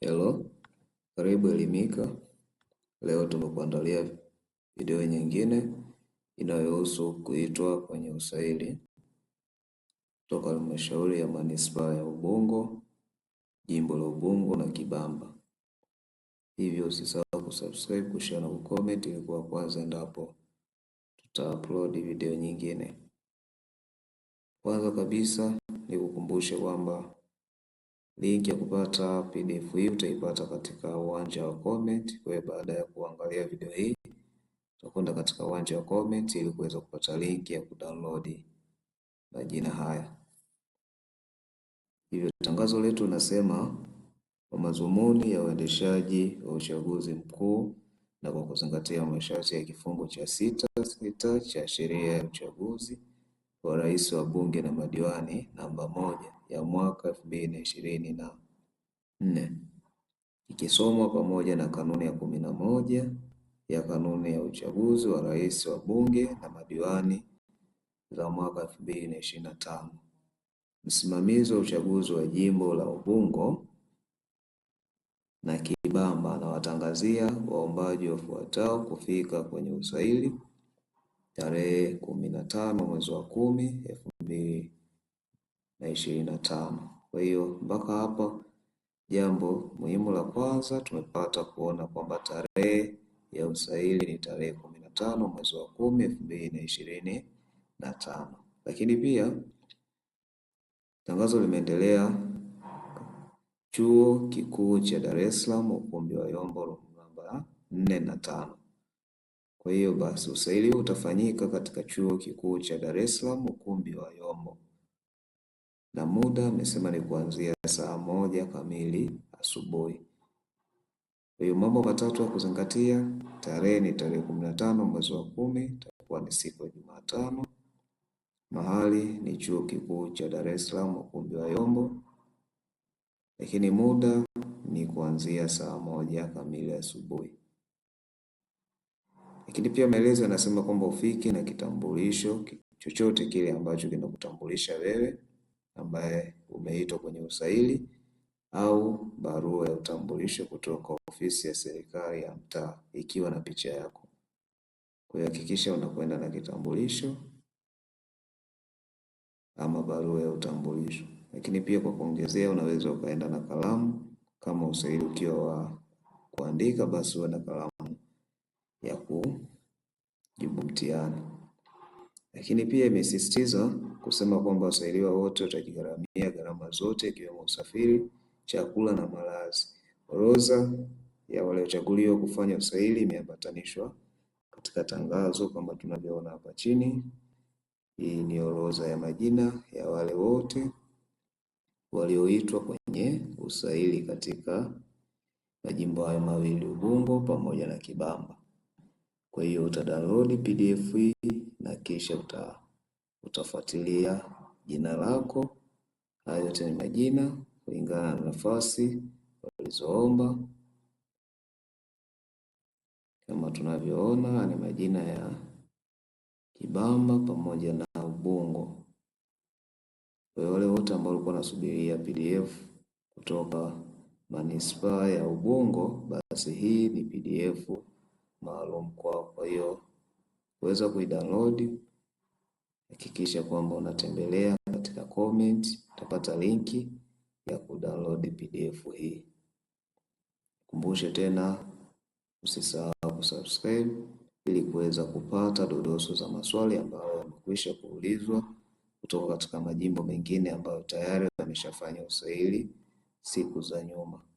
Hello karibu Elimika leo tumekuandalia video nyingine inayohusu kuitwa kwenye usaili kutoka halmashauri ya manispaa ya Ubungo jimbo la Ubungo na Kibamba. Hivyo usisahau kusubscribe, kushare na kucomment ili kuwa kwanza endapo tutaupload video nyingine. Kwanza kabisa ni kukumbusha kwamba Link ya kupata PDF hii utaipata katika uwanja wa comment. Kwa hiyo baada ya kuangalia video hii utakwenda katika uwanja wa comment ili kuweza kupata link ya kudownload majina haya. Hivyo tangazo letu linasema kwa madhumuni ya uendeshaji wa uchaguzi mkuu na kwa kuzingatia masharti ya kifungu cha sita sita cha sheria ya uchaguzi wa rais wa bunge na madiwani namba moja ya mwaka elfu mbili na ishirini na nne ikisomwa pamoja na kanuni ya kumi na moja ya kanuni ya uchaguzi wa rais wa bunge na madiwani za mwaka elfu mbili na ishirini na tano. Msimamizi wa uchaguzi wa jimbo la Ubungo na Kibamba anawatangazia waombaji wafuatao kufika kwenye usaili tarehe kumi na tano mwezi wa kumi elfu mbili na ishirini na tano. Kwa hiyo mpaka hapo, jambo muhimu la kwanza tumepata kuona kwamba tarehe ya usaili ni tarehe kumi na tano mwezi wa kumi elfu mbili na ishirini na tano. Lakini pia tangazo limeendelea: Chuo Kikuu cha Dar es Salaam, ukumbi wa Yombo, namba nne na tano. Kwa hiyo basi usaili huu utafanyika katika Chuo Kikuu cha Dar es Salaam, ukumbi wa Yombo na muda amesema ni kuanzia saa moja kamili asubuhi. Kwa hiyo mambo matatu ya kuzingatia, tarehe ni tarehe kumi na tano mwezi wa kumi, itakuwa ni siku ya Jumatano. Mahali ni chuo kikuu cha Dar es Salaam, ukumbi wa Yombo, lakini muda ni kuanzia saa moja kamili asubuhi. Lakini pia maelezo yanasema kwamba ufike na kitambulisho chochote kile ambacho kinakutambulisha wewe ambaye umeitwa kwenye usaili au barua ya utambulisho kutoka ofisi ya serikali ya mtaa ikiwa na picha yako. Kuhakikisha hakikisha unakwenda na kitambulisho ama barua ya utambulisho, lakini pia kwa kuongezea, unaweza ukaenda na kalamu. Kama usaili ukiwa wa kuandika, basi uwe na kalamu ya kujibu mtihani. Lakini pia imesisitiza kusema kwamba wasailiwa wote watajigharamia gharama zote ikiwemo usafiri, chakula na malazi. Orodha ya waliochaguliwa kufanya usaili imeambatanishwa katika tangazo kama tunavyoona hapa chini. Hii ni orodha ya majina ya wale wote walioitwa kwenye usaili katika majimbo hayo mawili Ubungo pamoja na Kibamba. Kwa hiyo download PDF hii na kisha uta, utafuatilia jina lako. Hayo yote ni majina kulingana na nafasi walizoomba Kama tunavyoona ni majina ya Kibamba pamoja na Ubungo. Kwa hiyo wale wote ambao walikuwa wanasubiria PDF kutoka manispaa ya Ubungo, basi hii ni PDF maalum kwao. Kwa hiyo uweza kuidownload, hakikisha kwamba unatembelea katika comment, utapata linki ya kudownload PDF hii. Kumbushe tena, usisahau kusubscribe ili kuweza kupata dodoso za maswali ambayo yamekwisha kuulizwa kutoka katika majimbo mengine ambayo tayari wameshafanya usaili siku za nyuma.